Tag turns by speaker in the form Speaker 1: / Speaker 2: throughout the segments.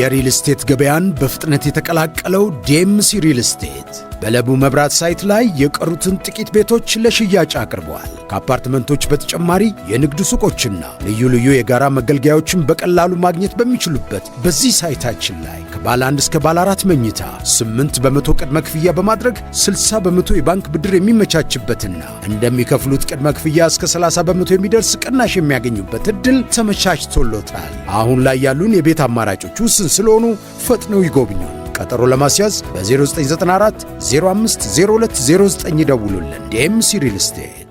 Speaker 1: የሪል ስቴት ገበያን በፍጥነት የተቀላቀለው ዴምሲ ሪል ስቴት በለቡ መብራት ሳይት ላይ የቀሩትን ጥቂት ቤቶች ለሽያጭ አቅርበዋል። ከአፓርትመንቶች በተጨማሪ የንግድ ሱቆችና ልዩ ልዩ የጋራ መገልገያዎችን በቀላሉ ማግኘት በሚችሉበት በዚህ ሳይታችን ላይ ከባለ አንድ እስከ ባለ አራት መኝታ 8 በመቶ ቅድመ ክፍያ በማድረግ 60 በመቶ የባንክ ብድር የሚመቻችበትና እንደሚከፍሉት ቅድመ ክፍያ እስከ 30 በመቶ የሚደርስ ቅናሽ የሚያገኙበት እድል ተመቻችቶሎታል። አሁን ላይ ያሉን የቤት አማራጮች ውስን ስለሆኑ ፈጥነው ይጎብኙ። ቀጠሮ ለማስያዝ በ0994 050209 ይደውሉልን። ዲኤምሲ ሪል ስቴት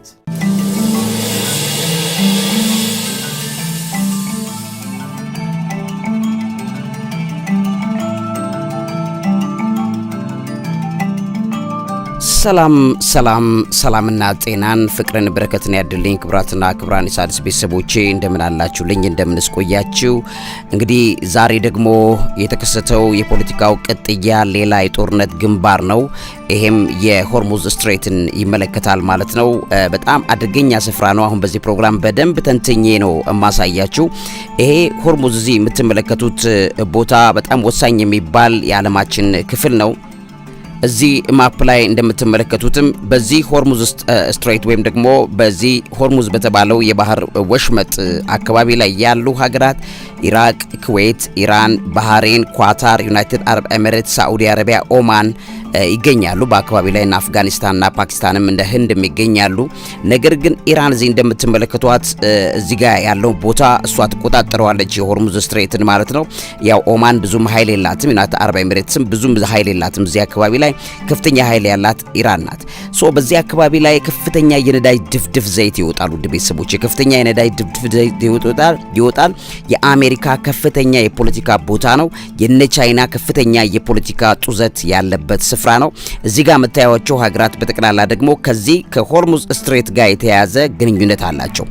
Speaker 2: ሰላም ሰላም ሰላምና ጤናን ፍቅርን በረከትን ያድልኝ። ክብራትና ክብራን የሣድስ ቤተሰቦቼ እንደምን አላችሁልኝ? እንደምንስ ቆያችሁ? እንግዲህ ዛሬ ደግሞ የተከሰተው የፖለቲካው ቅጥያ ሌላ የጦርነት ግንባር ነው። ይሄም የሆርሙዝ ስትሬትን ይመለከታል ማለት ነው። በጣም አደገኛ ስፍራ ነው። አሁን በዚህ ፕሮግራም በደንብ ተንትኜ ነው እማሳያችሁ። ይሄ ሆርሙዝ እዚህ የምትመለከቱት ቦታ በጣም ወሳኝ የሚባል የዓለማችን ክፍል ነው። እዚህ ማፕ ላይ እንደምትመለከቱትም በዚህ ሆርሙዝ ስትሬት ወይም ደግሞ በዚህ ሆርሙዝ በተባለው የባህር ወሽመጥ አካባቢ ላይ ያሉ ሀገራት ኢራቅ፣ ኩዌት፣ ኢራን፣ ባህሬን፣ ኳታር፣ ዩናይትድ አረብ ኤሚሬት፣ ሳዑዲ አረቢያ፣ ኦማን ይገኛሉ በአካባቢ ላይ እና አፍጋኒስታንና ፓኪስታንም እንደ ህንድም ይገኛሉ። ነገር ግን ኢራን እዚህ እንደምትመለከቷት እዚህ ጋ ያለው ቦታ እሷ ትቆጣጠረዋለች፣ የሆርሙዝ ስትሬትን ማለት ነው። ያው ኦማን ብዙም ኃይል የላትም፣ ዩናት አረብ ኤምሬትስም ብዙም ኃይል የላትም። እዚህ አካባቢ ላይ ከፍተኛ ኃይል ያላት ኢራን ናት። ሶ በዚህ አካባቢ ላይ ከፍተኛ የነዳጅ ድፍድፍ ዘይት ይወጣሉ። ውድ ቤተሰቦች የከፍተኛ የነዳጅ ድፍድፍ ዘይት ይወጣል። የአሜሪካ ከፍተኛ የፖለቲካ ቦታ ነው። የነ ቻይና ከፍተኛ የፖለቲካ ጡዘት ያለበት ስፍራ ስፍራ ነው። እዚህ ጋር የምታያቸው ሀገራት በጠቅላላ ደግሞ ከዚህ ከሆርሙዝ ስትሬት ጋር የተያያዘ ግንኙነት አላቸው።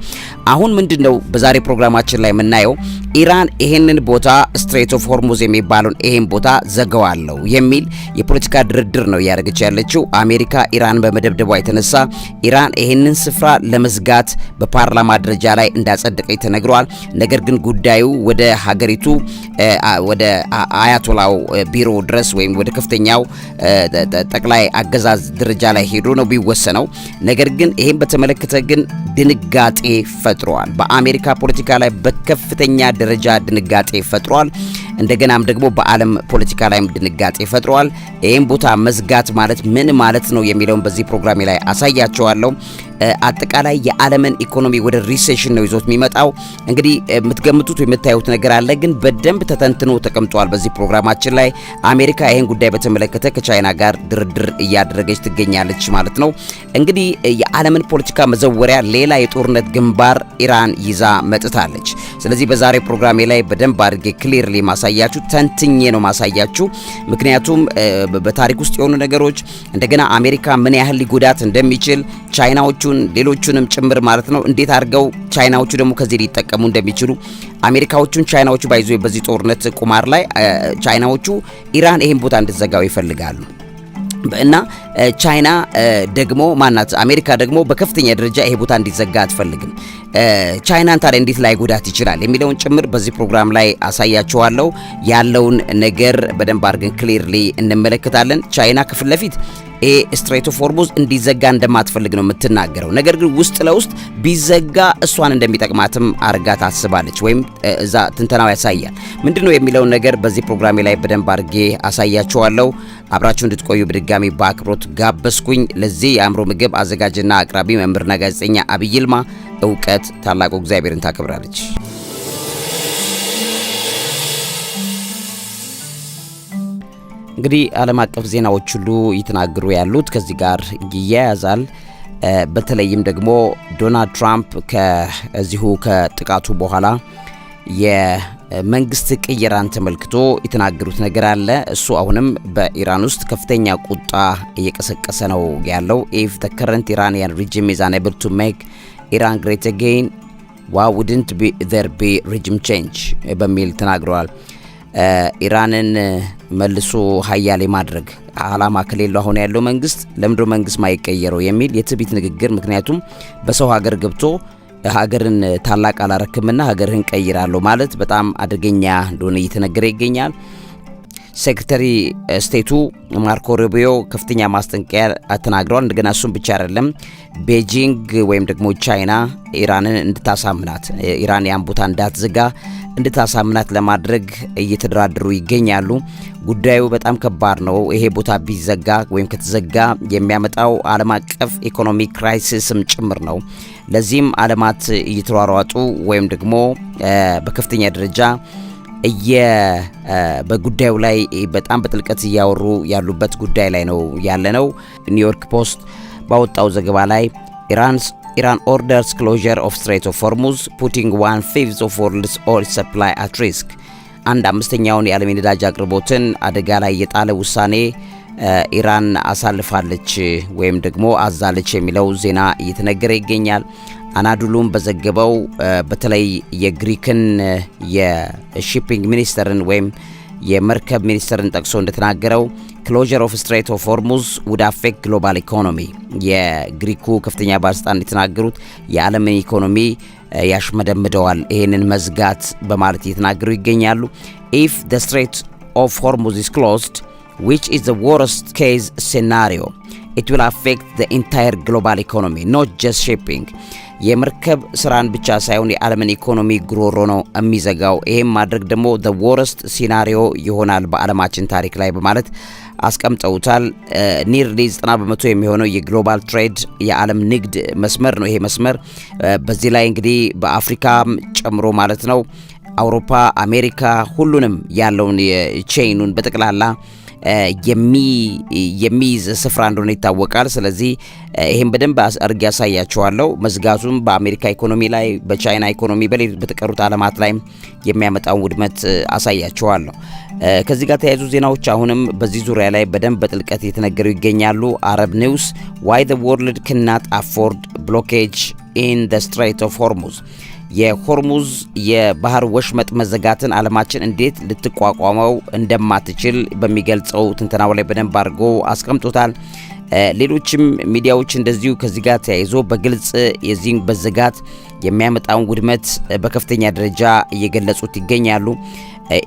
Speaker 2: አሁን ምንድነው በዛሬ ፕሮግራማችን ላይ የምናየው ኢራን ይሄንን ቦታ ስትሬት ኦፍ ሆርሙዝ የሚባለውን ይሄን ቦታ ዘገዋለሁ የሚል የፖለቲካ ድርድር ነው እያደረገች ያለችው። አሜሪካ ኢራን በመደብደቧ የተነሳ ኢራን ይሄንን ስፍራ ለመዝጋት በፓርላማ ደረጃ ላይ እንዳጸደቀች ተነግሯል። ነገር ግን ጉዳዩ ወደ ሀገሪቱ ወደ አያቶላው ቢሮ ድረስ ወይም ወደ ከፍተኛው ጠቅላይ አገዛዝ ደረጃ ላይ ሄዶ ነው ቢወሰነው። ነገር ግን ይህም በተመለከተ ግን ድንጋጤ ፈጥሯል። በአሜሪካ ፖለቲካ ላይ በከፍተኛ ደረጃ ድንጋጤ ፈጥሯል። እንደገናም ደግሞ በዓለም ፖለቲካ ላይም ድንጋጤ ፈጥሯል። ይህም ቦታ መዝጋት ማለት ምን ማለት ነው የሚለውን በዚህ ፕሮግራሜ ላይ አሳያቸዋለሁ። አጠቃላይ የዓለምን ኢኮኖሚ ወደ ሪሴሽን ነው ይዞት የሚመጣው። እንግዲህ የምትገምቱት የምታዩት ነገር አለ፣ ግን በደንብ ተተንትኖ ተቀምጧል። በዚህ ፕሮግራማችን ላይ አሜሪካ ይህን ጉዳይ በተመለከተ ከቻይና ጋር ድርድር እያደረገች ትገኛለች ማለት ነው። እንግዲህ የዓለምን ፖለቲካ መዘወሪያ ሌላ የጦርነት ግንባር ኢራን ይዛ መጥታለች። ስለዚህ በዛሬ ፕሮግራሜ ላይ በደንብ አድርጌ ክሊርሊ ማሳያችሁ ተንትኜ ነው ማሳያችሁ። ምክንያቱም በታሪክ ውስጥ የሆኑ ነገሮች እንደገና አሜሪካ ምን ያህል ሊጎዳት እንደሚችል ቻይናዎቹ ሌሎቹን ሌሎቹንም ጭምር ማለት ነው እንዴት አድርገው ቻይናዎቹ ደግሞ ከዚህ ሊጠቀሙ እንደሚችሉ አሜሪካዎቹን ቻይናዎቹ ባይዞ በዚህ ጦርነት ቁማር ላይ ቻይናዎቹ ኢራን ይህን ቦታ እንድትዘጋው ይፈልጋሉ። እና ቻይና ደግሞ ማናት አሜሪካ ደግሞ በከፍተኛ ደረጃ ይሄ ቦታ እንዲዘጋ አትፈልግም። ቻይናን ታዲያ እንዴት ላይ ጎዳት ይችላል የሚለውን ጭምር በዚህ ፕሮግራም ላይ አሳያችኋለሁ። ያለውን ነገር በደንብ አድርገን ክሊርሊ እንመለከታለን። ቻይና ክፍል ለፊት ኤ ስትሬት ኦፍ ሆርሙዝ እንዲዘጋ እንደማትፈልግ ነው የምትናገረው። ነገር ግን ውስጥ ለውስጥ ቢዘጋ እሷን እንደሚጠቅማትም አርጋ ታስባለች፣ ወይም እዛ ትንተናው ያሳያል። ምንድን ነው የሚለውን ነገር በዚህ ፕሮግራሜ ላይ በደንብ አርጌ አሳያችኋለሁ። አብራችሁ እንድትቆዩ በድጋሚ በአክብሮት ጋበዝኩኝ። ለዚህ የአእምሮ ምግብ አዘጋጅና አቅራቢ መምህርና ጋዜጠኛ አብይ ይልማ። እውቀት ታላቁ እግዚአብሔርን ታከብራለች። እንግዲህ ዓለም አቀፍ ዜናዎች ሁሉ እየተናገሩ ያሉት ከዚህ ጋር ይያያዛል። በተለይም ደግሞ ዶናልድ ትራምፕ ከዚሁ ከጥቃቱ በኋላ የመንግስት ቅየራን ተመልክቶ የተናገሩት ነገር አለ። እሱ አሁንም በኢራን ውስጥ ከፍተኛ ቁጣ እየቀሰቀሰ ነው ያለው። ኢፍ ተ ከረንት ኢራንያን ሪጅም ኢዝ አንኤብል ቱ ሜክ ኢራን ግሬት አጌን ዋ ውድንት ቢ ዘር ቢ ሪጅም ቼንጅ በሚል ተናግረዋል። ኢራንን መልሶ ሀያሌ ማድረግ አላማ ከሌሉ አሁን ያለው መንግስት ለምድሮ መንግስት ማይቀየረው የሚል የትቢት ንግግር። ምክንያቱም በሰው ሀገር ገብቶ ሀገርን ታላቅ አላረክምና ሀገርህን ቀይራለሁ ማለት በጣም አደገኛ እንደሆነ እየተነገረ ይገኛል። ሴክሬታሪ ስቴቱ ማርኮ ሩቢዮ ከፍተኛ ማስጠንቀቂያ ተናግረዋል። እንደገና እሱም ብቻ አይደለም ቤጂንግ ወይም ደግሞ ቻይና ኢራንን እንድታሳምናት ኢራን ያን ቦታ እንዳትዘጋ እንድታሳምናት ለማድረግ እየተደራደሩ ይገኛሉ። ጉዳዩ በጣም ከባድ ነው። ይሄ ቦታ ቢዘጋ ወይም ከተዘጋ የሚያመጣው ዓለም አቀፍ ኢኮኖሚ ክራይሲስም ጭምር ነው። ለዚህም ዓለማት እየተሯሯጡ ወይም ደግሞ በከፍተኛ ደረጃ በጉዳዩ ላይ በጣም በጥልቀት እያወሩ ያሉበት ጉዳይ ላይ ነው ነው። ኒውዮርክ ፖስት ባወጣው ዘገባ ላይ ኢራን ኦርደርስ ክሎዠር ኦፍ ስትሬት ኦፍ ሆርሙዝ ፑቲንግ ዋን ፊፍዝ ኦፍ ወርልድስ ኦል ሰፕላይ አት ሪስክ አንድ አምስተኛውን የዓለም የነዳጅ አቅርቦትን አደጋ ላይ የጣለ ውሳኔ ኢራን አሳልፋለች ወይም ደግሞ አዛለች የሚለው ዜና እየተነገረ ይገኛል። አናዱሉም በዘገበው በተለይ የግሪክን የሺፒንግ ሚኒስተርን ወይም የመርከብ ሚኒስተርን ጠቅሶ እንደተናገረው ክሎዥር ኦፍ ስትሬት ኦፍ ሆርሙዝ ውድ አፌክት ግሎባል ኢኮኖሚ፣ የግሪኩ ከፍተኛ ባለስልጣን እንደተናገሩት የዓለምን ኢኮኖሚ ያሽመደምደዋል ይህንን መዝጋት በማለት እየተናገሩ ይገኛሉ። ኢፍ ደ ስትሬት ኦፍ ሆርሙዝ ኢስ ክሎዝድ ዊች ኢዝ ዘ ወርስት ኬዝ ሴናሪዮ it will affect the entire global economy not just shipping የመርከብ ስራን ብቻ ሳይሆን የዓለምን ኢኮኖሚ ጉሮሮ ነው የሚዘጋው። ይህም ማድረግ ደግሞ ዘ ወረስት ሲናሪዮ ይሆናል በዓለማችን ታሪክ ላይ በማለት አስቀምጠውታል። ኒርሊ 90 በመቶ የሚሆነው የግሎባል ትሬድ የዓለም ንግድ መስመር ነው ይሄ መስመር። በዚህ ላይ እንግዲህ በአፍሪካም ጨምሮ ማለት ነው አውሮፓ፣ አሜሪካ ሁሉንም ያለውን ቼይኑን በጠቅላላ የሚይዝ ስፍራ እንደሆነ ይታወቃል። ስለዚህ ይህም በደንብ አድርጌ ያሳያችኋለሁ። መዝጋቱም በአሜሪካ ኢኮኖሚ ላይ፣ በቻይና ኢኮኖሚ፣ በተቀሩት አለማት ላይ የሚያመጣውን ውድመት አሳያችኋለሁ። ከዚህ ጋር ተያይዙ ዜናዎች አሁንም በዚህ ዙሪያ ላይ በደንብ በጥልቀት እየተነገሩ ይገኛሉ። አረብ ኒውስ ዋይ ዘ ወርልድ ክናት አፎርድ ብሎኬጅ ኢን ዘ ስትሬት ኦፍ ሆርሙዝ የሆርሙዝ የባህር ወሽመጥ መዘጋትን ዓለማችን እንዴት ልትቋቋመው እንደማትችል በሚገልጸው ትንተናው ላይ በደንብ አድርጎ አስቀምጦታል። ሌሎችም ሚዲያዎች እንደዚሁ ከዚህ ጋር ተያይዞ በግልጽ የዚህን መዘጋት የሚያመጣውን ውድመት በከፍተኛ ደረጃ እየገለጹት ይገኛሉ።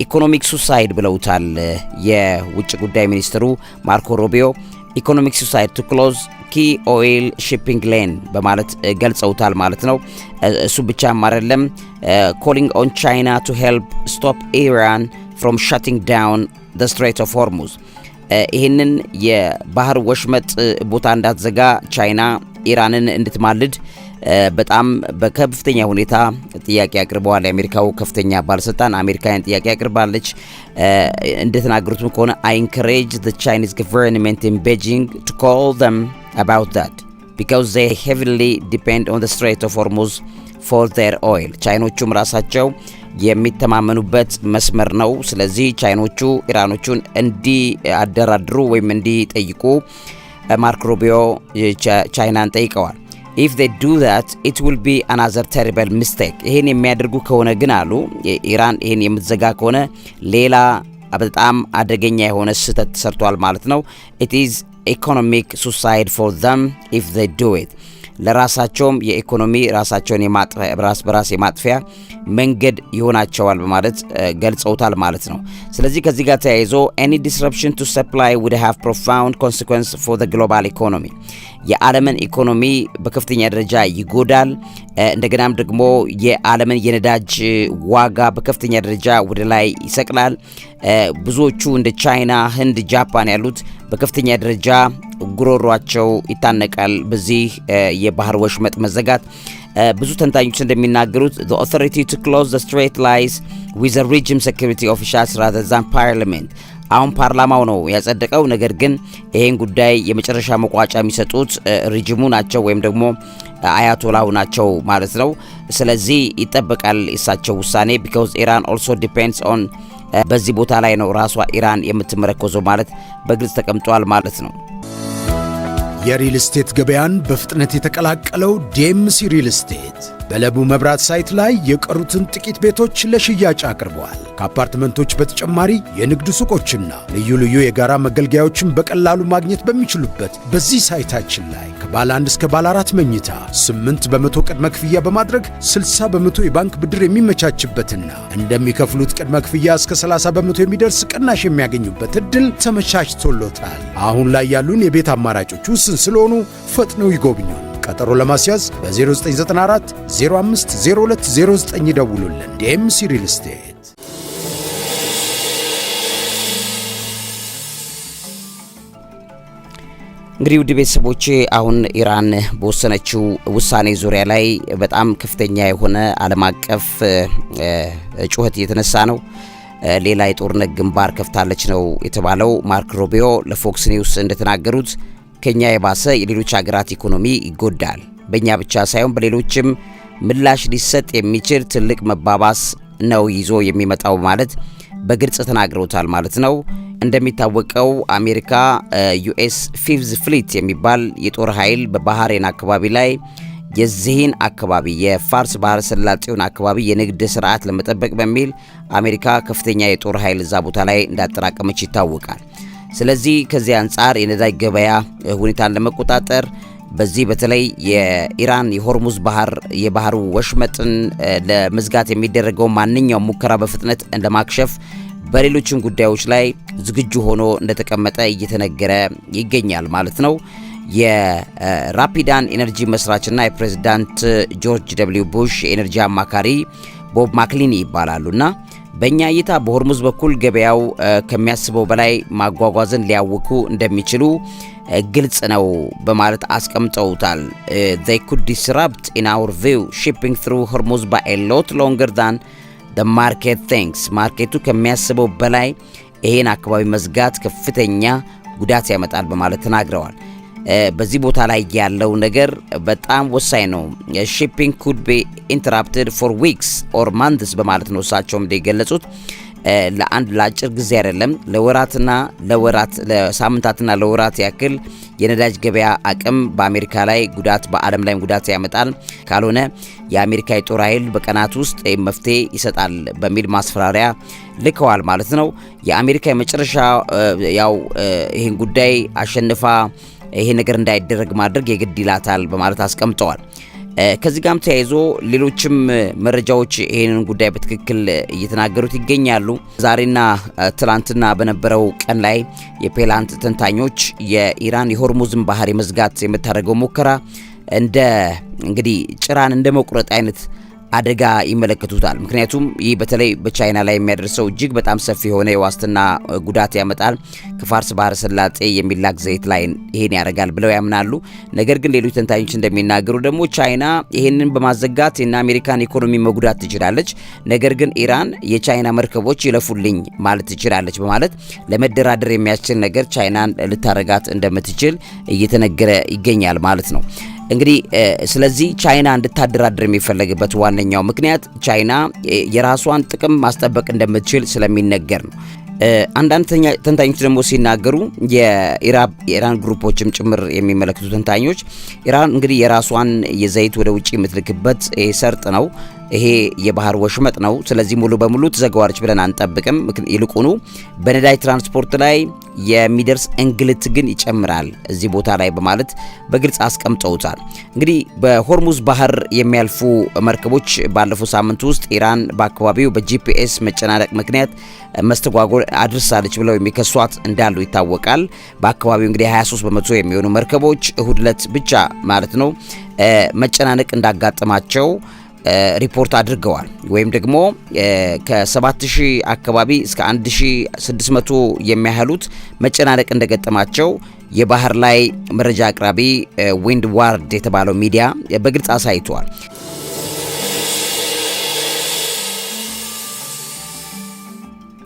Speaker 2: ኢኮኖሚክ ሱሳይድ ብለውታል የውጭ ጉዳይ ሚኒስትሩ ማርኮ ሮቢዮ ኢኮኖሚክ ሱሳይድ ቱ ክሎዝ ቱርኪ ኦይል ሺፒንግ ሌን በማለት ገልጸውታል ማለት ነው። እሱ ብቻም አይደለም ኮሊንግ ኦን ቻይና ቱ ሄልፕ ስቶፕ ኢራን ፍሮም ሸቲንግ ዳውን ዘ ስትሬት ኦፍ ሆርሙዝ ይህንን የባህር ወሽመጥ ቦታ እንዳትዘጋ ቻይና ኢራንን እንድትማልድ በጣም በከፍተኛ ሁኔታ ጥያቄ አቅርበዋል። የአሜሪካው ከፍተኛ ባለስልጣን አሜሪካን ጥያቄ አቅርባለች። እንደተናገሩትም ከሆነ አይ ኢንከሬጅ ቻይኒዝ ገቨርንመንት ኢን ቤጂንግ ቱ ኮል ዘም about that because they heavily depend on the Strait of Hormuz for their oil ቻይኖቹም ራሳቸው የሚተማመኑበት መስመር ነው። ስለዚህ ቻይኖቹ ኢራኖቹን እንዲያደራድሩ ወይም እንዲጠይቁ ማርክ ሩቢዮ ቻይናን ጠይቀዋል። ኢፍ ዴ ዱ ዛት ኢት ዊል ቢ አናዘር ተሪበል ሚስቴክ። ይህን የሚያደርጉ ከሆነ ግን አሉ ኢራን ይህን የምትዘጋ ከሆነ ሌላ በጣም አደገኛ የሆነ ስህተት ተሰርቷል ማለት ነው። it is economic suicide for them if they do it. ለራሳቸውም የኢኮኖሚ ራሳቸውን ራስ በራስ የማጥፊያ መንገድ ይሆናቸዋል በማለት ገልጸውታል ማለት ነው። ስለዚህ ከዚህ ጋር ተያይዞ any disruption to supply would have profound consequence for the global economy የዓለምን ኢኮኖሚ በከፍተኛ ደረጃ ይጎዳል። እንደገናም ደግሞ የዓለምን የነዳጅ ዋጋ በከፍተኛ ደረጃ ወደ ላይ ይሰቅላል። ብዙዎቹ እንደ ቻይና፣ ህንድ፣ ጃፓን ያሉት በከፍተኛ ደረጃ ጉሮሯቸው ይታነቃል። በዚህ የባህር ወሽመጥ መዘጋት ብዙ ተንታኞች እንደሚናገሩት the authority to close the strait lies with the regime security officials rather than parliament አሁን ፓርላማው ነው ያጸደቀው። ነገር ግን ይሄን ጉዳይ የመጨረሻ መቋጫ የሚሰጡት ሪጅሙ ናቸው ወይም ደግሞ አያቶላው ናቸው ማለት ነው። ስለዚህ ይጠበቃል የእሳቸው ውሳኔ because ኢራን ኦልሶ ዲፔንድስ ኦን በዚህ ቦታ ላይ ነው ራሷ ኢራን የምትመረኮዘው ማለት በግልጽ ተቀምጧል ማለት ነው።
Speaker 1: የሪል ስቴት ገበያን በፍጥነት የተቀላቀለው ዴምሲ ሪል ስቴት በለቡ መብራት ሳይት ላይ የቀሩትን ጥቂት ቤቶች ለሽያጭ አቅርበዋል። ከአፓርትመንቶች በተጨማሪ የንግድ ሱቆችና ልዩ ልዩ የጋራ መገልገያዎችን በቀላሉ ማግኘት በሚችሉበት በዚህ ሳይታችን ላይ ከባለ አንድ እስከ ባለ አራት መኝታ 8 በመቶ ቅድመ ክፍያ በማድረግ 60 በመቶ የባንክ ብድር የሚመቻችበትና እንደሚከፍሉት ቅድመ ክፍያ እስከ 30 በመቶ የሚደርስ ቅናሽ የሚያገኙበት እድል ተመቻችቶሎታል። አሁን ላይ ያሉን የቤት አማራጮች ውስን ስለሆኑ ፈጥነው ይጎብኙ። ቀጠሮ ለማስያዝ በ0994 05 0209 ይደውሉልን። ዲኤምሲ ሪል ስቴት።
Speaker 2: እንግዲህ ውድ ቤተሰቦቼ አሁን ኢራን በወሰነችው ውሳኔ ዙሪያ ላይ በጣም ከፍተኛ የሆነ ዓለም አቀፍ ጩኸት እየተነሳ ነው። ሌላ የጦርነት ግንባር ከፍታለች ነው የተባለው። ማርክ ሮቢዮ ለፎክስ ኒውስ እንደተናገሩት ከኛ የባሰ የሌሎች ሀገራት ኢኮኖሚ ይጎዳል። በእኛ ብቻ ሳይሆን በሌሎችም ምላሽ ሊሰጥ የሚችል ትልቅ መባባስ ነው ይዞ የሚመጣው ማለት በግልጽ ተናግረውታል ማለት ነው። እንደሚታወቀው አሜሪካ ዩኤስ ፊፍዝ ፍሊት የሚባል የጦር ኃይል በባህሬን አካባቢ ላይ የዚህን አካባቢ የፋርስ ባህረ ሰላጤውን አካባቢ የንግድ ስርዓት ለመጠበቅ በሚል አሜሪካ ከፍተኛ የጦር ኃይል እዛ ቦታ ላይ እንዳጠራቀመች ይታወቃል። ስለዚህ ከዚህ አንጻር የነዳጅ ገበያ ሁኔታን ለመቆጣጠር በዚህ በተለይ የኢራን የሆርሙዝ ባህር የባህሩ ወሽመጥን ለመዝጋት የሚደረገው ማንኛውም ሙከራ በፍጥነት እንደማክሸፍ በሌሎችም ጉዳዮች ላይ ዝግጁ ሆኖ እንደተቀመጠ እየተነገረ ይገኛል ማለት ነው። የራፒዳን ኤነርጂ መስራችና የፕሬዚዳንት ጆርጅ ደብሊው ቡሽ የኤነርጂ አማካሪ ቦብ ማክሊኒ ይባላሉና በእኛ እይታ በሆርሙዝ በኩል ገበያው ከሚያስበው በላይ ማጓጓዝን ሊያውኩ እንደሚችሉ ግልጽ ነው በማለት አስቀምጠውታል። they could disrupt in our view shipping through hormuz by a lot longer ማርኬቱ ከሚያስበው በላይ ይህን አካባቢ መዝጋት ከፍተኛ ጉዳት ያመጣል በማለት ተናግረዋል። በዚህ ቦታ ላይ ያለው ነገር በጣም ወሳኝ ነው። ሺፒንግ ኩድ ቢ ኢንተራፕትድ ፎር ዊክስ ኦር ማንትስ በማለት ነው እሳቸውም የገለጹት። ለአንድ ለአጭር ጊዜ አይደለም ለወራትና ለወራት ለሳምንታትና ለወራት ያክል የነዳጅ ገበያ አቅም በአሜሪካ ላይ ጉዳት በዓለም ላይ ጉዳት ያመጣል፣ ካልሆነ የአሜሪካ የጦር ኃይል በቀናት ውስጥ መፍትሄ ይሰጣል በሚል ማስፈራሪያ ልከዋል ማለት ነው። የአሜሪካ የመጨረሻ ያው ይህን ጉዳይ አሸንፋ ይሄ ነገር እንዳይደረግ ማድረግ የግድ ይላታል በማለት አስቀምጠዋል። ከዚህ ጋም ተያይዞ ሌሎችም መረጃዎች ይህንን ጉዳይ በትክክል እየተናገሩት ይገኛሉ። ዛሬና ትላንትና በነበረው ቀን ላይ የፔላንት ተንታኞች የኢራን የሆርሙዝን ባህር የመዝጋት የምታደርገው ሙከራ እንደ እንግዲህ ጭራን እንደ መቁረጥ አይነት አደጋ ይመለከቱታል። ምክንያቱም ይህ በተለይ በቻይና ላይ የሚያደርሰው እጅግ በጣም ሰፊ የሆነ የዋስትና ጉዳት ያመጣል። ከፋርስ ባህረ ሰላጤ የሚላክ ዘይት ላይ ይሄን ያደርጋል ብለው ያምናሉ። ነገር ግን ሌሎች ተንታኞች እንደሚናገሩ ደግሞ ቻይና ይህንን በማዘጋት እና አሜሪካን ኢኮኖሚ መጉዳት ትችላለች። ነገር ግን ኢራን የቻይና መርከቦች ይለፉልኝ ማለት ትችላለች በማለት ለመደራደር የሚያስችል ነገር ቻይናን ልታረጋት እንደምትችል እየተነገረ ይገኛል ማለት ነው። እንግዲህ ስለዚህ ቻይና እንድታደራድር የሚፈለግበት ዋነኛው ምክንያት ቻይና የራሷን ጥቅም ማስጠበቅ እንደምትችል ስለሚነገር ነው። አንዳንድ ተንታኞች ደግሞ ሲናገሩ የኢራን ግሩፖችም ጭምር የሚመለክቱ ተንታኞች ኢራን እንግዲህ የራሷን የዘይት ወደ ውጭ የምትልክበት ሰርጥ ነው ይሄ የባህር ወሽመጥ ነው። ስለዚህ ሙሉ በሙሉ ትዘጋዋለች ብለን አንጠብቅም። ይልቁኑ በነዳጅ ትራንስፖርት ላይ የሚደርስ እንግልት ግን ይጨምራል እዚህ ቦታ ላይ በማለት በግልጽ አስቀምጠውታል። እንግዲህ በሆርሙዝ ባህር የሚያልፉ መርከቦች ባለፈው ሳምንት ውስጥ ኢራን በአካባቢው በጂፒኤስ መጨናነቅ ምክንያት መስተጓጎል አድርሳለች ብለው የሚከሷት እንዳሉ ይታወቃል። በአካባቢው እንግዲህ 23 በመቶ የሚሆኑ መርከቦች እሁድ ዕለት ብቻ ማለት ነው መጨናነቅ እንዳጋጠማቸው ሪፖርት አድርገዋል ወይም ደግሞ ከ7000 አካባቢ እስከ 1600 የሚያህሉት መጨናነቅ እንደገጠማቸው የባህር ላይ መረጃ አቅራቢ ዊንድ ዋርድ የተባለው ሚዲያ በግልጽ አሳይቷል።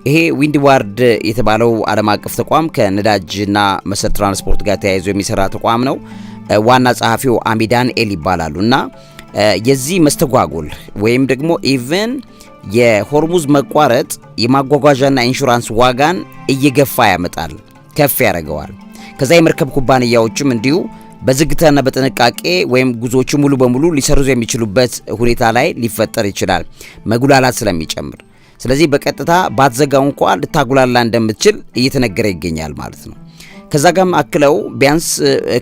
Speaker 2: ይሄ ዊንድ ዋርድ የተባለው ዓለም አቀፍ ተቋም ከነዳጅና መሰል ትራንስፖርት ጋር ተያይዞ የሚሰራ ተቋም ነው። ዋና ጸሐፊው አሚዳን ኤል ይባላሉ እና የዚህ መስተጓጎል ወይም ደግሞ ኢቨን የሆርሙዝ መቋረጥ የማጓጓዣና ኢንሹራንስ ዋጋን እየገፋ ያመጣል፣ ከፍ ያደርገዋል። ከዛ የመርከብ ኩባንያዎችም እንዲሁ በዝግታና በጥንቃቄ ወይም ጉዞዎቹ ሙሉ በሙሉ ሊሰርዙ የሚችሉበት ሁኔታ ላይ ሊፈጠር ይችላል መጉላላት ስለሚጨምር። ስለዚህ በቀጥታ ባትዘጋው እንኳ ልታጉላላ እንደምትችል እየተነገረ ይገኛል ማለት ነው። ከዛ ጋም አክለው ቢያንስ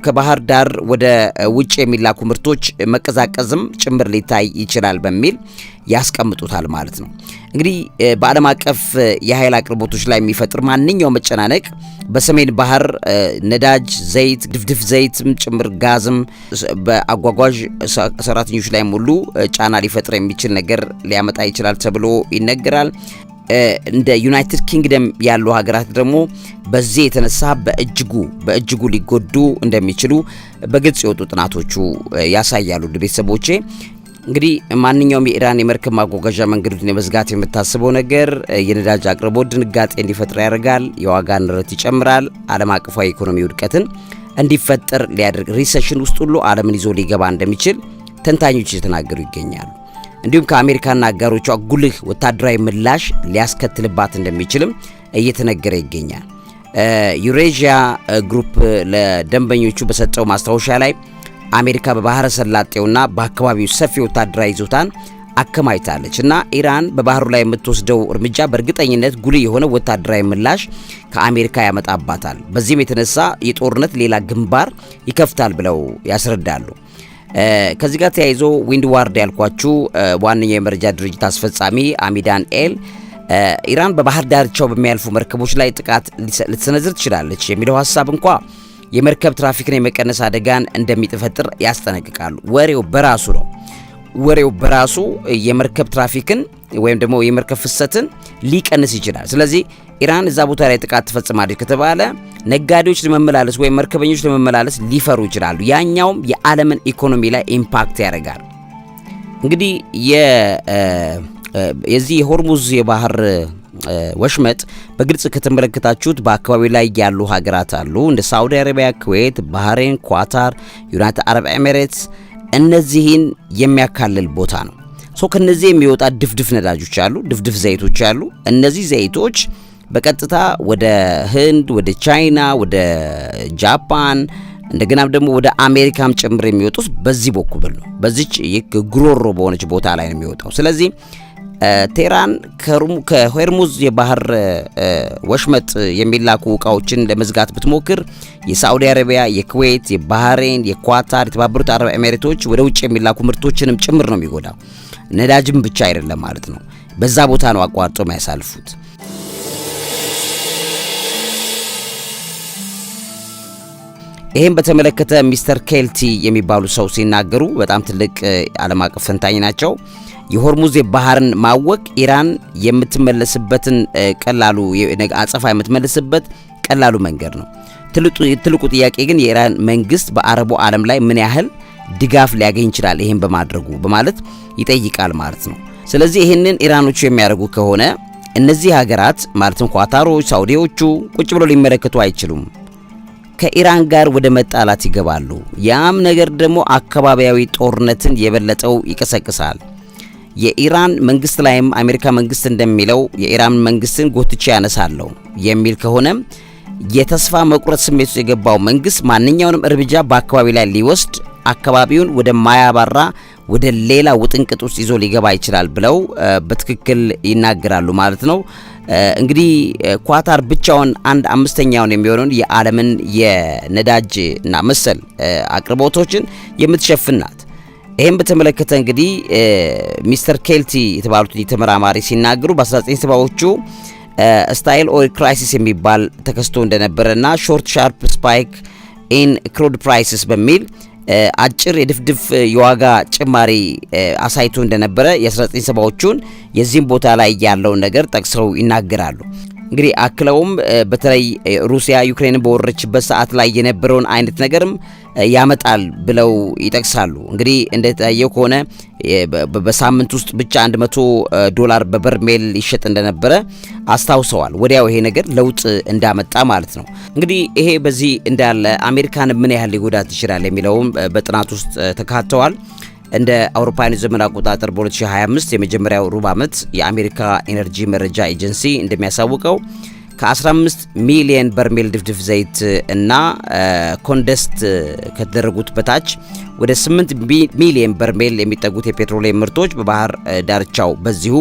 Speaker 2: ከባህር ዳር ወደ ውጭ የሚላኩ ምርቶች መቀዛቀዝም ጭምር ሊታይ ይችላል በሚል ያስቀምጡታል ማለት ነው። እንግዲህ በዓለም አቀፍ የኃይል አቅርቦቶች ላይ የሚፈጥር ማንኛውም መጨናነቅ በሰሜን ባህር ነዳጅ፣ ዘይት፣ ድፍድፍ ዘይትም ጭምር ጋዝም በአጓጓዥ ሰራተኞች ላይ ሙሉ ጫና ሊፈጥር የሚችል ነገር ሊያመጣ ይችላል ተብሎ ይነገራል። እንደ ዩናይትድ ኪንግደም ያሉ ሀገራት ደግሞ በዚህ የተነሳ በእጅጉ በእጅጉ ሊጎዱ እንደሚችሉ በግልጽ የወጡ ጥናቶቹ ያሳያሉ። ቤተሰቦቼ እንግዲህ ማንኛውም የኢራን የመርከብ ማጓጓዣ መንገዶችን የመዝጋት የምታስበው ነገር የነዳጅ አቅርቦት ድንጋጤ እንዲፈጥር ያደርጋል። የዋጋ ንረት ይጨምራል። ዓለም አቀፋዊ የኢኮኖሚ ውድቀትን እንዲፈጠር ሊያደርግ ሪሴሽን ውስጥ ሁሉ ዓለምን ይዞ ሊገባ እንደሚችል ተንታኞች እየተናገሩ ይገኛሉ። እንዲሁም ከአሜሪካና አጋሮቿ ጉልህ ወታደራዊ ምላሽ ሊያስከትልባት እንደሚችልም እየተነገረ ይገኛል። ዩሬዥያ ግሩፕ ለደንበኞቹ በሰጠው ማስታወሻ ላይ አሜሪካ በባህረ ሰላጤውና በአካባቢው ሰፊ ወታደራዊ ይዞታን አከማይታለች እና ኢራን በባህሩ ላይ የምትወስደው እርምጃ በእርግጠኝነት ጉልህ የሆነ ወታደራዊ ምላሽ ከአሜሪካ ያመጣባታል። በዚህም የተነሳ የጦርነት ሌላ ግንባር ይከፍታል ብለው ያስረዳሉ። ከዚህ ጋር ተያይዞ ዊንድ ዋርድ ያልኳችሁ ዋነኛ የመረጃ ድርጅት አስፈጻሚ አሚዳን ኤል ኢራን በባህር ዳርቻው በሚያልፉ መርከቦች ላይ ጥቃት ልትሰነዝር ትችላለች የሚለው ሀሳብ እንኳ የመርከብ ትራፊክን የመቀነስ አደጋን እንደሚፈጥር ያስጠነቅቃሉ። ወሬው በራሱ ነው። ወሬው በራሱ የመርከብ ትራፊክን ወይም ደግሞ የመርከብ ፍሰትን ሊቀንስ ይችላል። ስለዚህ ኢራን እዛ ቦታ ላይ ጥቃት ትፈጽማለች ከተባለ ነጋዴዎች ለመመላለስ ወይም መርከበኞች ለመመላለስ ሊፈሩ ይችላሉ። ያኛውም የዓለምን ኢኮኖሚ ላይ ኢምፓክት ያደርጋል። እንግዲህ የዚህ የሆርሙዝ የባህር ወሽመጥ በግልጽ ከተመለከታችሁት በአካባቢው ላይ ያሉ ሀገራት አሉ እንደ ሳውዲ አረቢያ፣ ኩዌት፣ ባህሬን፣ ኳታር፣ ዩናይትድ አረብ ኤሚሬትስ እነዚህን የሚያካልል ቦታ ነው። ሶ ከነዚህ የሚወጣ ድፍድፍ ነዳጆች አሉ፣ ድፍድፍ ዘይቶች አሉ። እነዚህ ዘይቶች በቀጥታ ወደ ህንድ፣ ወደ ቻይና፣ ወደ ጃፓን እንደገናም ደግሞ ወደ አሜሪካም ጭምር የሚወጡት በዚህ በኩል ነው። በዚች ጉሮሮ በሆነች ቦታ ላይ ነው የሚወጣው። ስለዚህ ቴህራን ከሆርሙዝ የባህር ወሽመጥ የሚላኩ እቃዎችን ለመዝጋት ብትሞክር የሳዑዲ አረቢያ፣ የኩዌት፣ የባህሬን፣ የኳታር፣ የተባበሩት አረብ ኤሜሬቶች ወደ ውጭ የሚላኩ ምርቶችንም ጭምር ነው የሚጎዳው። ነዳጅም ብቻ አይደለም ማለት ነው። በዛ ቦታ ነው አቋርጦ የሚያሳልፉት። ይህም በተመለከተ ሚስተር ኬልቲ የሚባሉ ሰው ሲናገሩ በጣም ትልቅ ዓለም አቀፍ ተንታኝ ናቸው። የሆርሙዝ የባህርን ማወቅ ኢራን የምትመለስበትን ቀላሉ አጸፋ የምትመለስበት ቀላሉ መንገድ ነው። ትልቁ ጥያቄ ግን የኢራን መንግስት በአረቡ ዓለም ላይ ምን ያህል ድጋፍ ሊያገኝ ይችላል ይህን በማድረጉ በማለት ይጠይቃል ማለት ነው። ስለዚህ ይህንን ኢራኖቹ የሚያደርጉ ከሆነ እነዚህ ሀገራት ማለትም ኳታሮች፣ ሳውዲዎቹ ቁጭ ብለው ሊመለከቱ አይችሉም። ከኢራን ጋር ወደ መጣላት ይገባሉ። ያም ነገር ደግሞ አካባቢያዊ ጦርነትን የበለጠው ይቀሰቅሳል። የኢራን መንግስት ላይም አሜሪካ መንግስት እንደሚለው የኢራን መንግስትን ጎትቼ ያነሳለሁ የሚል ከሆነም የተስፋ መቁረጥ ስሜት ውስጥ የገባው መንግስት ማንኛውንም እርምጃ በአካባቢ ላይ ሊወስድ አካባቢውን ወደ ማያባራ ወደ ሌላ ውጥንቅጥ ውስጥ ይዞ ሊገባ ይችላል ብለው በትክክል ይናገራሉ ማለት ነው። እንግዲህ ኳታር ብቻውን አንድ አምስተኛውን የሚሆነውን የዓለምን የነዳጅ እና መሰል አቅርቦቶችን የምትሸፍን ናት። ይህም በተመለከተ እንግዲህ ሚስተር ኬልቲ የተባሉትን ተመራማሪ ሲናገሩ በ1970ዎቹ ስታይል ኦይል ክራይሲስ የሚባል ተከስቶ እንደነበረና ሾርት ሻርፕ ስፓይክ ኢን ክሩድ ፕራይስስ በሚል አጭር የድፍድፍ የዋጋ ጭማሪ አሳይቶ እንደነበረ የ1970ዎቹን የዚህም ቦታ ላይ ያለውን ነገር ጠቅሰው ይናገራሉ። እንግዲህ አክለውም በተለይ ሩሲያ ዩክሬን በወረችበት ሰዓት ላይ የነበረውን አይነት ነገርም ያመጣል ብለው ይጠቅሳሉ። እንግዲህ እንደታየው ከሆነ በሳምንት ውስጥ ብቻ 100 ዶላር በበርሜል ይሸጥ እንደነበረ አስታውሰዋል። ወዲያው ይሄ ነገር ለውጥ እንዳመጣ ማለት ነው። እንግዲህ ይሄ በዚህ እንዳለ አሜሪካን ምን ያህል ሊጎዳት ይችላል የሚለውም በጥናት ውስጥ ተካተዋል። እንደ አውሮፓውያን ዘመን አቆጣጠር በ2025 የመጀመሪያው ሩብ ዓመት የአሜሪካ ኤነርጂ መረጃ ኤጀንሲ እንደሚያሳውቀው ከ15 ሚሊየን በርሜል ድፍድፍ ዘይት እና ኮንደስት ከተደረጉት በታች ወደ 8 ሚሊየን በርሜል የሚጠጉት የፔትሮሊየም ምርቶች በባህር ዳርቻው በዚሁ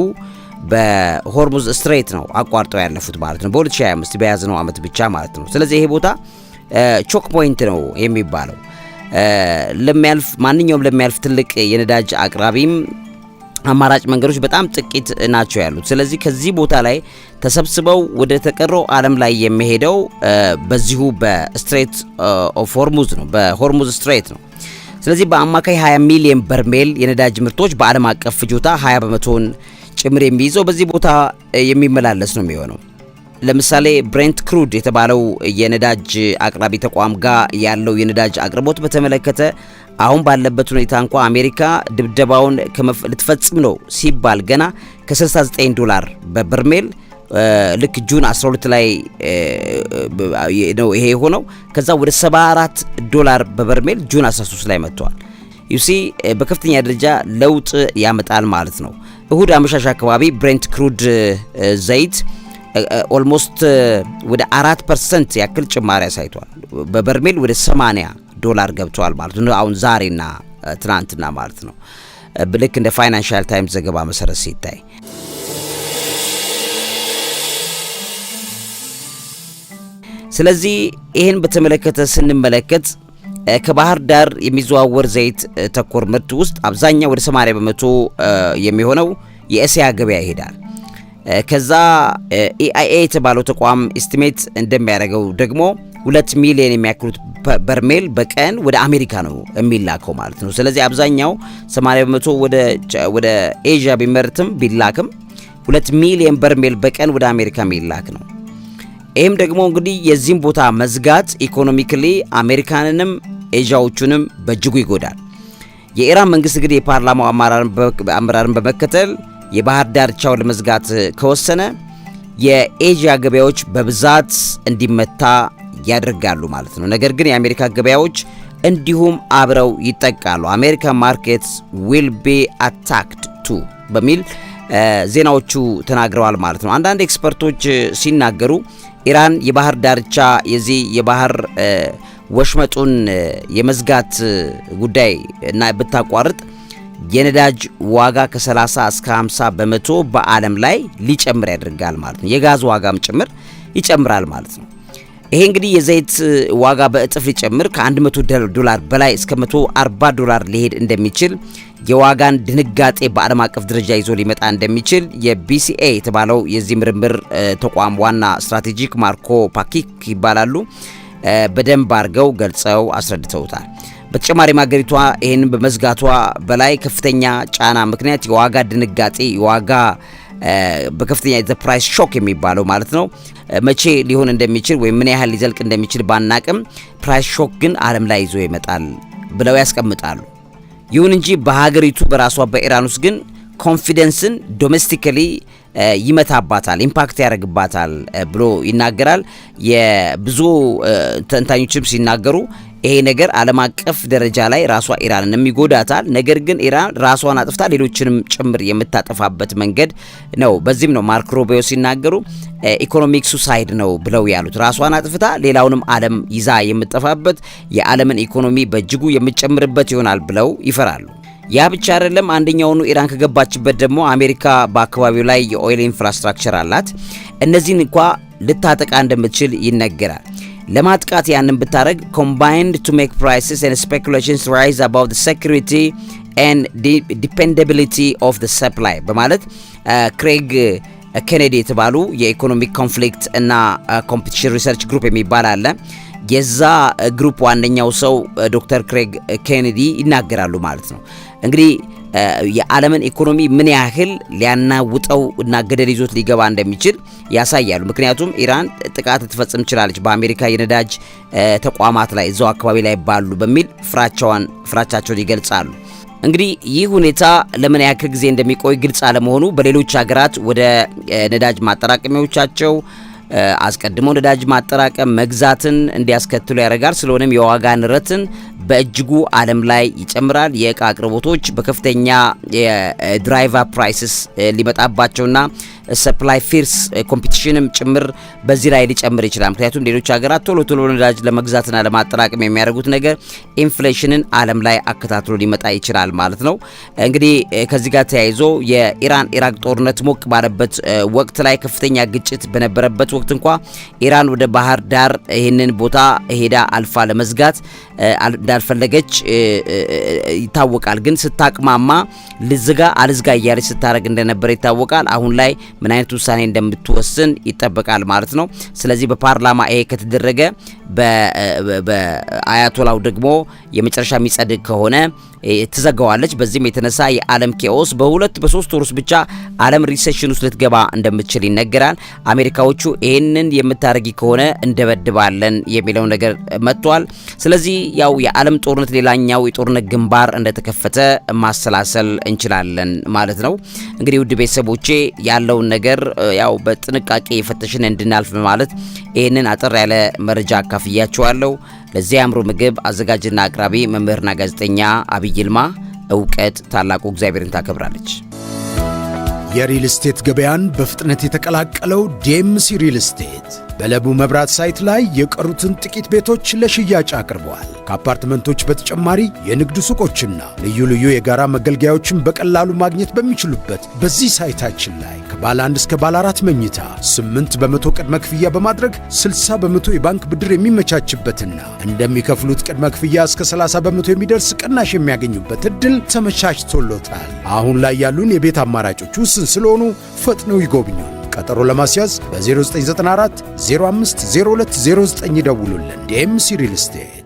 Speaker 2: በሆርሙዝ ስትሬት ነው አቋርጠው ያለፉት ማለት ነው። በ2025 በያዝነው ዓመት ብቻ ማለት ነው። ስለዚህ ይሄ ቦታ ቾክ ፖይንት ነው የሚባለው። ለሚያልፍ ማንኛውም ለሚያልፍ ትልቅ የነዳጅ አቅራቢም አማራጭ መንገዶች በጣም ጥቂት ናቸው ያሉት። ስለዚህ ከዚህ ቦታ ላይ ተሰብስበው ወደ ተቀረው ዓለም ላይ የሚሄደው በዚሁ በስትሬት ኦፍ ሆርሙዝ ነው፣ በሆርሙዝ ስትሬት ነው። ስለዚህ በአማካይ 20 ሚሊዮን በርሜል የነዳጅ ምርቶች በዓለም አቀፍ ፍጆታ 20 በመቶን ጭምር የሚይዘው በዚህ ቦታ የሚመላለስ ነው የሚሆነው። ለምሳሌ ብሬንት ክሩድ የተባለው የነዳጅ አቅራቢ ተቋም ጋር ያለው የነዳጅ አቅርቦት በተመለከተ አሁን ባለበት ሁኔታ እንኳ አሜሪካ ድብደባውን ልትፈጽም ነው ሲባል ገና ከ69 ዶላር በበርሜል ልክ ጁን 12 ላይ ነው ይሄ የሆነው። ከዛ ወደ 74 ዶላር በበርሜል ጁን 13 ላይ መጥተዋል። ዩሲ በከፍተኛ ደረጃ ለውጥ ያመጣል ማለት ነው። እሁድ አመሻሽ አካባቢ ብሬንት ክሩድ ዘይት ኦልሞስት ወደ አራት ፐርሰንት ያክል ጭማሪ አሳይቷል። በበርሜል ወደ 80 ዶላር ገብተዋል ማለት ነው። አሁን ዛሬና ትናንትና ማለት ነው። ብልክ እንደ ፋይናንሻል ታይምስ ዘገባ መሰረት ሲታይ ስለዚህ ይህን በተመለከተ ስንመለከት ከባህር ዳር የሚዘዋወር ዘይት ተኮር ምርት ውስጥ አብዛኛው ወደ 80 በመቶ የሚሆነው የእስያ ገበያ ይሄዳል። ከዛ ኢአይኤ e የተባለው ተቋም ኤስቲሜት እንደሚያደርገው ደግሞ ሁለት ሚሊዮን የሚያክሉት በርሜል በቀን ወደ አሜሪካ ነው የሚላከው ማለት ነው። ስለዚህ አብዛኛው 80 በመቶ ወደ ኤዥያ ቢመርትም ቢላክም ሁለት ሚሊዮን በርሜል በቀን ወደ አሜሪካ የሚላክ ነው። ይህም ደግሞ እንግዲህ የዚህም ቦታ መዝጋት ኢኮኖሚክሊ አሜሪካንንም ኤዥያዎቹንም በእጅጉ ይጎዳል። የኢራን መንግስት እንግዲህ የፓርላማው አመራርን በመከተል የባህር ዳርቻው ለመዝጋት ከወሰነ የኤዥያ ገበያዎች በብዛት እንዲመታ ያደርጋሉ ማለት ነው። ነገር ግን የአሜሪካ ገበያዎች እንዲሁም አብረው ይጠቃሉ። አሜሪካ ማርኬትስ ዊል ቢ አታክድ ቱ በሚል ዜናዎቹ ተናግረዋል ማለት ነው። አንዳንድ ኤክስፐርቶች ሲናገሩ ኢራን የባህር ዳርቻ የዚህ የባህር ወሽመጡን የመዝጋት ጉዳይ እና ብታቋርጥ የነዳጅ ዋጋ ከ30 እስከ 50 በመቶ በዓለም ላይ ሊጨምር ያደርጋል ማለት ነው። የጋዝ ዋጋም ጭምር ይጨምራል ማለት ነው። ይሄ እንግዲህ የዘይት ዋጋ በእጥፍ ሊጨምር ከ100 ዶላር በላይ እስከ 140 ዶላር ሊሄድ እንደሚችል የዋጋን ድንጋጤ በዓለም አቀፍ ደረጃ ይዞ ሊመጣ እንደሚችል የቢሲኤ የተባለው የዚህ ምርምር ተቋም ዋና ስትራቴጂክ ማርኮ ፓኪክ ይባላሉ፣ በደንብ አድርገው ገልጸው አስረድተውታል። በተጨማሪም ሀገሪቷ ይህንን በመዝጋቷ በላይ ከፍተኛ ጫና ምክንያት የዋጋ ድንጋጤ የዋጋ በከፍተኛ ዘ ፕራይስ ሾክ የሚባለው ማለት ነው። መቼ ሊሆን እንደሚችል ወይም ምን ያህል ሊዘልቅ እንደሚችል ባናቅም ፕራይስ ሾክ ግን ዓለም ላይ ይዞ ይመጣል ብለው ያስቀምጣሉ። ይሁን እንጂ በሀገሪቱ በራሷ በኢራን ውስጥ ግን ኮንፊደንስን ዶሜስቲካሊ ይመታባታል፣ ኢምፓክት ያደርግባታል ብሎ ይናገራል። የብዙ ተንታኞችም ሲናገሩ ይሄ ነገር ዓለም አቀፍ ደረጃ ላይ ራሷ ኢራንንም ይጎዳታል። ነገር ግን ኢራን ራሷን አጥፍታ ሌሎችንም ጭምር የምታጠፋበት መንገድ ነው። በዚህም ነው ማርክ ሩቢዮ ሲናገሩ ኢኮኖሚክ ሱሳይድ ነው ብለው ያሉት። ራሷን አጥፍታ ሌላውንም ዓለም ይዛ የምጠፋበት የዓለምን ኢኮኖሚ በእጅጉ የምጨምርበት ይሆናል ብለው ይፈራሉ። ያ ብቻ አይደለም። አንደኛውኑ ኢራን ከገባችበት ደግሞ አሜሪካ በአካባቢው ላይ የኦይል ኢንፍራስትራክቸር አላት። እነዚህን እንኳ ልታጠቃ እንደምትችል ይነገራል። ለማጥቃት ያንን ብታደረግ ኮምባይንድ ቱ ሜክ ፕራይስስ ኤንድ ስፔኩሌሽንስ ራይዝ አባውት ሴኩሪቲ ኤንድ ዲፔንደቢሊቲ ኦፍ ዘ ሰፕላይ በማለት ክሬግ uh, ኬኔዲ uh, የተባሉ የኢኮኖሚክ ኮንፍሊክት እና ኮምፒቲሽን ሪሰርች ግሩፕ የሚባል አለ። የዛ ግሩፕ uh, ዋነኛው ሰው ዶክተር ክሬግ ኬኔዲ ይናገራሉ ማለት ነው እንግዲህ የዓለምን ኢኮኖሚ ምን ያህል ሊያናውጠው እና ገደል ይዞት ሊገባ እንደሚችል ያሳያሉ። ምክንያቱም ኢራን ጥቃት ልትፈጽም ችላለች በአሜሪካ የነዳጅ ተቋማት ላይ እዛው አካባቢ ላይ ባሉ በሚል ፍራቻዋን ፍራቻቸውን ይገልጻሉ። እንግዲህ ይህ ሁኔታ ለምን ያክል ጊዜ እንደሚቆይ ግልጽ አለመሆኑ በሌሎች ሀገራት ወደ ነዳጅ ማጠራቀሚያዎቻቸው አስቀድሞ ነዳጅ ማጠራቀም መግዛትን እንዲያስከትሉ ያደርጋል። ስለሆነም የዋጋ ንረትን በእጅጉ ዓለም ላይ ይጨምራል። የእቃ አቅርቦቶች በከፍተኛ የድራይቨር ፕራይስስ ሊመጣባቸውና ሰፕላይ ፊርስ ኮምፒቲሽንም ጭምር በዚህ ላይ ሊጨምር ይችላል። ምክንያቱም ሌሎች ሀገራት ቶሎ ቶሎ ነዳጅ ለመግዛትና ለማጠራቀም የሚያደርጉት ነገር ኢንፍሌሽንን ዓለም ላይ አከታትሎ ሊመጣ ይችላል ማለት ነው። እንግዲህ eh, ከዚህ ጋር ተያይዞ የኢራን ኢራቅ ጦርነት ሞቅ ባለበት eh, ወቅት ላይ ከፍተኛ ግጭት በነበረበት ወቅት እንኳ ኢራን ወደ ባህር ዳር ይህንን ቦታ ሄዳ አልፋ ለመዝጋት eh, እንዳልፈለገች ይታወቃል። ግን ስታቅማማ ልዝጋ አልዝጋ እያለች ስታደረግ እንደነበረ ይታወቃል። አሁን ላይ ምን አይነት ውሳኔ እንደምትወስን ይጠበቃል ማለት ነው። ስለዚህ በፓርላማ ይሄ ከተደረገ በአያቶላው ደግሞ የመጨረሻ የሚጸድቅ ከሆነ ትዘጋዋለች። በዚህም የተነሳ የዓለም ኬኦስ በሁለት በሶስት ወር ውስጥ ብቻ ዓለም ሪሴሽን ውስጥ ልትገባ እንደምትችል ይነገራል። አሜሪካዎቹ ይህንን የምታደርጊ ከሆነ እንደበድባለን የሚለው ነገር መጥቷል። ስለዚህ ያው የዓለም ጦርነት ሌላኛው የጦርነት ግንባር እንደተከፈተ ማሰላሰል እንችላለን ማለት ነው። እንግዲህ ውድ ቤተሰቦቼ ያለውን ነገር ያው በጥንቃቄ የፈተሽን እንድናልፍ በማለት ይህንን አጠር ያለ መረጃ አካፍያችኋለሁ። ለዚህ አእምሮ ምግብ አዘጋጅና አቅራቢ መምህርና ጋዜጠኛ አብይ ይልማ። እውቀት ታላቁ እግዚአብሔርን ታከብራለች።
Speaker 1: የሪል ስቴት ገበያን በፍጥነት የተቀላቀለው ዴምሲ ሪል ስቴት በለቡ መብራት ሳይት ላይ የቀሩትን ጥቂት ቤቶች ለሽያጭ አቅርበዋል። ከአፓርትመንቶች በተጨማሪ የንግድ ሱቆችና ልዩ ልዩ የጋራ መገልገያዎችን በቀላሉ ማግኘት በሚችሉበት በዚህ ሳይታችን ላይ ከባለ አንድ እስከ ባለ አራት መኝታ 8 በመቶ ቅድመ ክፍያ በማድረግ 60 በመቶ የባንክ ብድር የሚመቻችበትና እንደሚከፍሉት ቅድመ ክፍያ እስከ 30 በመቶ የሚደርስ ቅናሽ የሚያገኙበት እድል ተመቻችቶሎታል። አሁን ላይ ያሉን የቤት አማራጮች ውስን ስለሆኑ ፈጥነው ይጎብኙን። ቀጠሮ ለማስያዝ በ0994 05 0209 ደውሉልን። ዲኤምሲ ሪል ስቴት